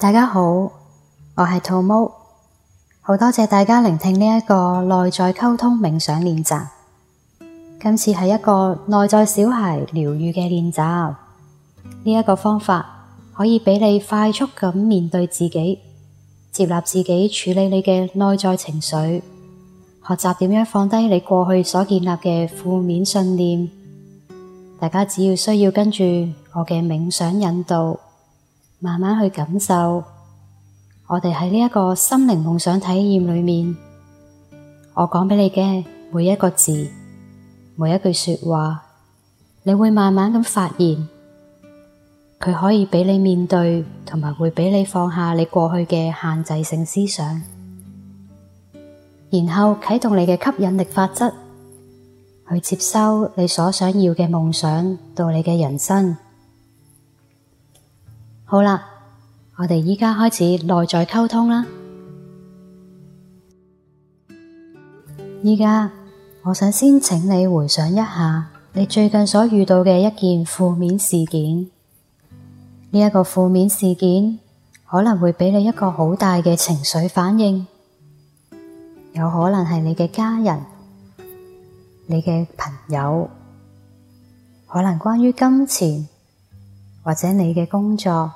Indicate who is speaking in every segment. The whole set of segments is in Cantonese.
Speaker 1: 大家好，我係兔毛，好多謝大家聆聽呢一個內在溝通冥想練習。今次係一個內在小孩療癒嘅練習，呢一個方法可以俾你快速咁面對自己，接納自己，處理你嘅內在情緒，學習點樣放低你過去所建立嘅負面信念。大家只要需要跟住我嘅冥想引導。慢慢去感受，我哋喺呢一個心靈夢想體驗裏面，我講俾你嘅每一個字，每一句說話，你會慢慢咁發現，佢可以畀你面對，同埋會俾你放下你過去嘅限制性思想，然後啟動你嘅吸引力法則，去接收你所想要嘅夢想到你嘅人生。好啦，我哋而家開始內在溝通啦。而家我想先請你回想一下你最近所遇到嘅一件負面事件。呢一個負面事件可能會俾你一個好大嘅情緒反應，有可能係你嘅家人、你嘅朋友，可能關於金錢或者你嘅工作。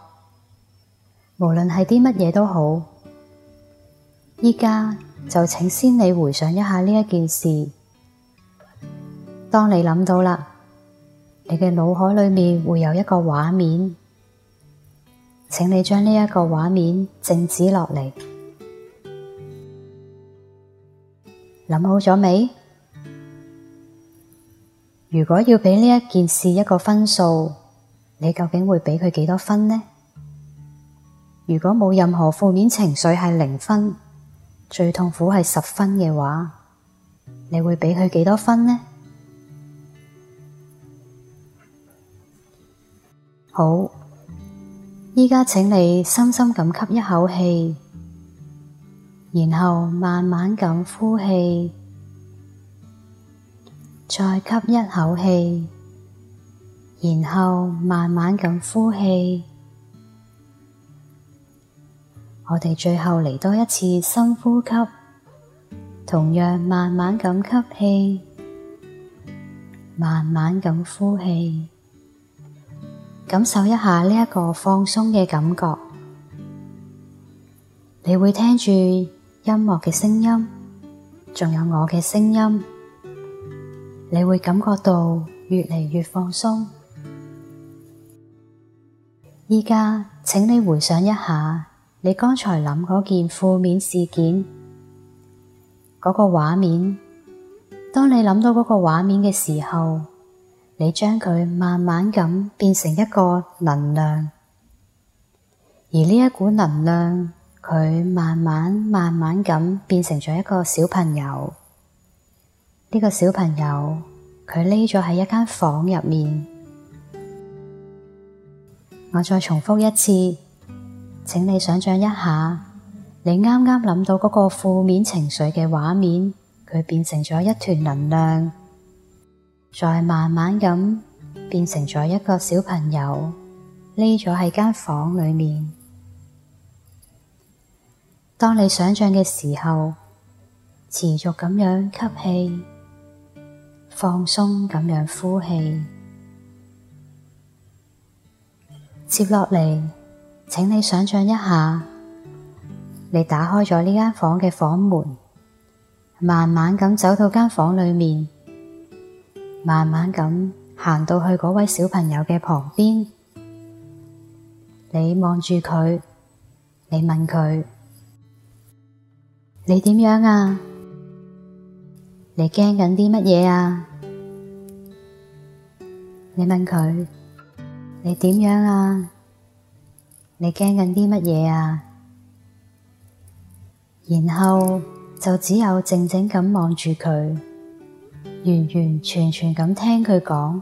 Speaker 1: 無論係啲乜嘢都好，而家就請先你回想一下呢一件事。當你諗到啦，你嘅腦海裏面會有一個畫面，請你將呢一個畫面靜止落嚟。諗好咗未？如果要畀呢一件事一個分數，你究竟會畀佢幾多分呢？如果冇任何負面情緒係零分，最痛苦係十分嘅話，你會畀佢幾多分呢？好，而家請你深深咁吸一口氣，然後慢慢咁呼氣，再吸一口氣，然後慢慢咁呼氣。我哋最後嚟多一次深呼吸，同樣慢慢咁吸氣，慢慢咁呼氣，感受一下呢一個放鬆嘅感覺。你會聽住音樂嘅聲音，仲有我嘅聲音，你會感覺到越嚟越放鬆。而家請你回想一下。你剛才諗嗰件負面事件嗰個畫面，當你諗到嗰個畫面嘅時候，你將佢慢慢咁變成一個能量，而呢一股能量，佢慢慢慢慢咁變成咗一個小朋友。呢個小朋友佢匿咗喺一間房入面。我再重複一次。請你想象一下，你啱啱諗到嗰個負面情緒嘅畫面，佢變成咗一團能量，再慢慢咁變成咗一個小朋友，匿咗喺間房裏面。當你想象嘅時候，持續咁樣吸氣，放鬆咁樣呼氣。接落嚟。請你想象一下，你打開咗呢間房嘅房門，慢慢咁走到間房裏面，慢慢咁行到去嗰位小朋友嘅旁邊。你望住佢，你問佢：你點樣啊？你驚緊啲乜嘢啊？你問佢：你點樣啊？你驚緊啲乜嘢啊？然後就只有靜靜咁望住佢，完完全全咁聽佢講，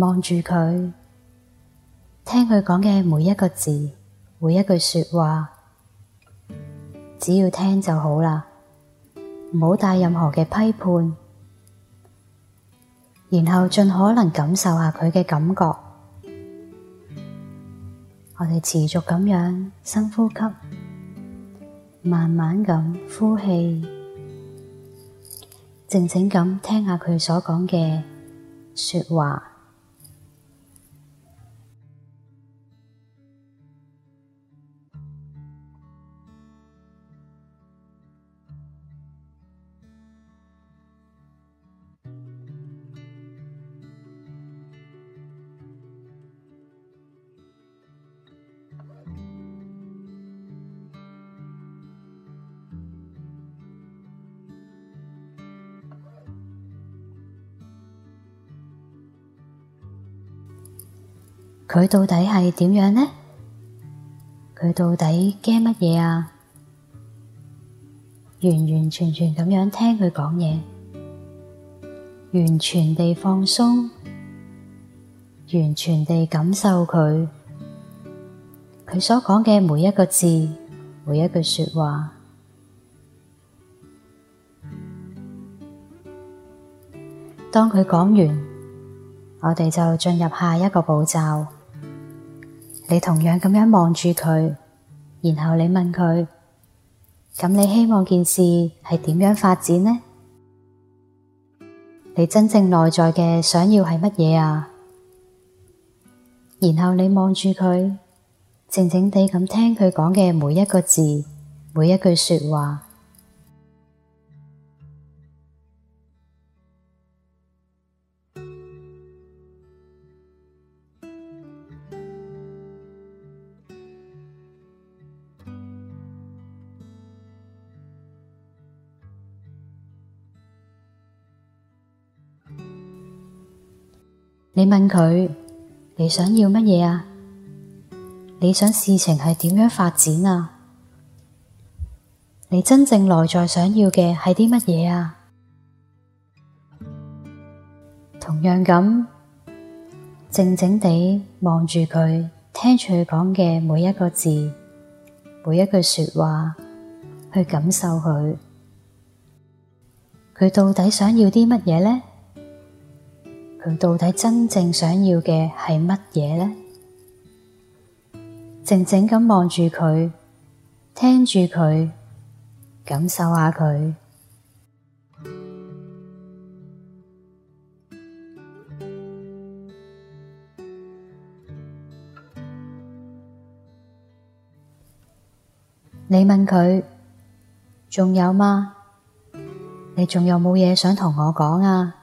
Speaker 1: 望住佢，聽佢講嘅每一個字，每一句說話，只要聽就好啦，唔好帶任何嘅批判，然後盡可能感受下佢嘅感覺。我哋持續咁樣深呼吸，慢慢咁呼氣，靜靜咁聽下佢所講嘅說話。佢到底係點樣呢？佢到底驚乜嘢啊？完完全全咁樣聽佢講嘢，完全地放鬆，完全地感受佢，佢所講嘅每一個字，每一句說話。當佢講完，我哋就進入下一個步驟。你同樣咁樣望住佢，然後你問佢：咁你希望件事係點樣發展呢？你真正內在嘅想要係乜嘢啊？然後你望住佢，靜靜地咁聽佢講嘅每一個字、每一句說話。你問佢，你想要乜嘢啊？你想事情係點樣發展啊？你真正內在想要嘅係啲乜嘢啊？同樣咁，靜靜地望住佢，聽住佢講嘅每一個字，每一句說話，去感受佢，佢到底想要啲乜嘢呢？佢到底真正想要嘅係乜嘢呢？靜靜咁望住佢，聽住佢，感受下佢。你問佢仲有嗎？你仲有冇嘢想同我講啊？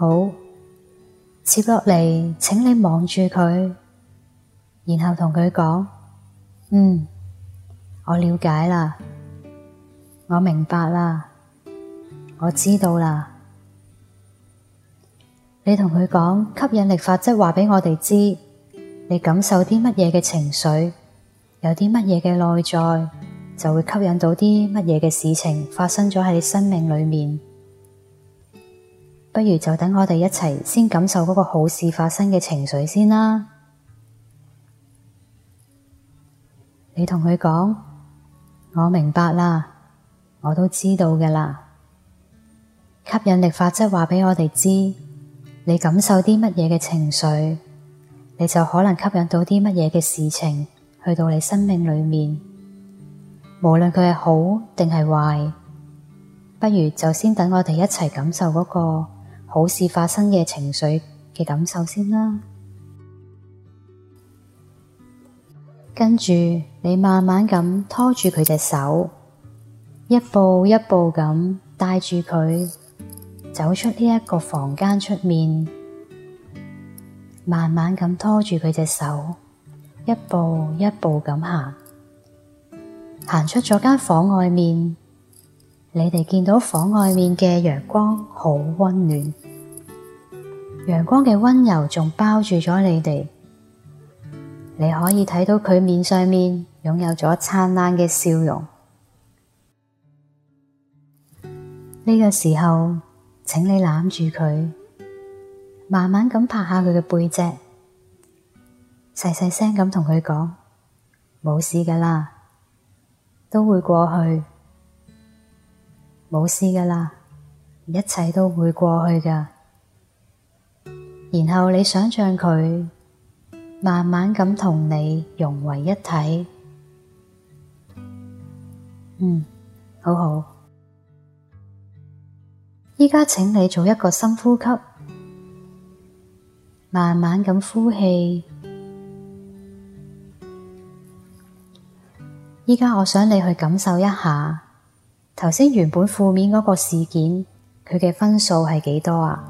Speaker 1: 好，接落嚟，請你望住佢，然後同佢講：嗯，我了解啦，我明白啦，我知道啦。你同佢講吸引力法則，話俾我哋知，你感受啲乜嘢嘅情緒，有啲乜嘢嘅內在，就會吸引到啲乜嘢嘅事情發生咗喺你生命裏面。不如就等我哋一齊先感受嗰個好事發生嘅情緒先啦。你同佢講，我明白啦，我都知道㗎啦。吸引力法則話畀我哋知，你感受啲乜嘢嘅情緒，你就可能吸引到啲乜嘢嘅事情去到你生命裏面。無論佢係好定係壞，不如就先等我哋一齊感受嗰個。好事發生嘅情緒嘅感受先啦，跟住你慢慢咁拖住佢隻手，一步一步咁帶住佢走出呢一個房間出面，慢慢咁拖住佢隻手，一步一步咁行，行出咗間房外面，你哋見到房外面嘅陽光好溫暖。陽光嘅溫柔仲包住咗你哋，你可以睇到佢面上面擁有咗燦爛嘅笑容。呢個時候，請你攬住佢，慢慢咁拍下佢嘅背脊，細細聲咁同佢講：冇事噶啦，都會過去，冇事噶啦，一切都會過去噶。然後你想象佢慢慢咁同你融為一體，嗯，好好。而家請你做一個深呼吸，慢慢咁呼氣。而家我想你去感受一下，頭先原本負面嗰個事件，佢嘅分數係幾多啊？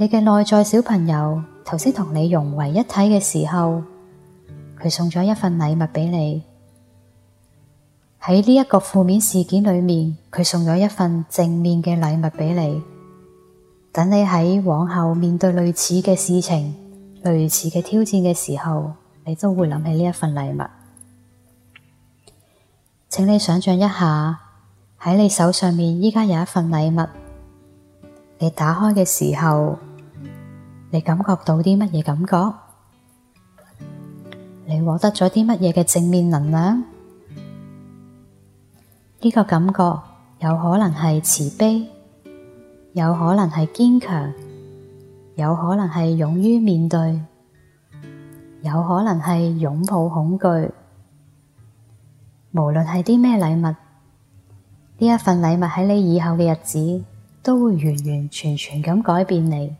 Speaker 1: 你嘅內在小朋友頭先同你融為一體嘅時候，佢送咗一份禮物俾你。喺呢一個負面事件裏面，佢送咗一份正面嘅禮物俾你。等你喺往後面對類似嘅事情，類似嘅挑戰嘅時候，你都會諗起呢一份禮物。請你想象一下，喺你手上面依家有一份禮物，你打開嘅時候。你感覺到啲乜嘢感覺？你獲得咗啲乜嘢嘅正面能量？呢個感覺有可能係慈悲，有可能係堅強，有可能係勇於面對，有可能係擁抱恐懼。無論係啲咩禮物，呢一份禮物喺你以後嘅日子都會完完全全咁改變你。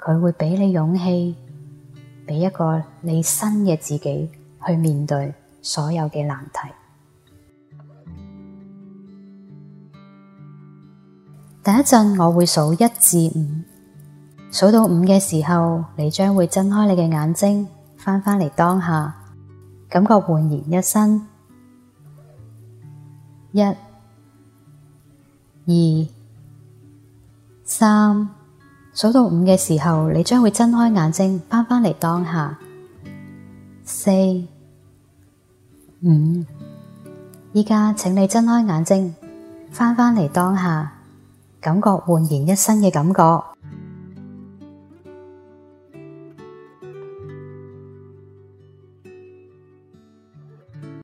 Speaker 1: 佢會畀你勇氣，畀一個你新嘅自己去面對所有嘅難題。第一陣我會數一至五，數到五嘅時候，你將會睜開你嘅眼睛，翻返嚟當下，感覺煥然一新。一、二、三。數到五嘅時候，你將會睜開眼睛，翻返嚟當下。四、五，依家請你睜開眼睛，翻返嚟當下，感覺煥然一新嘅感覺。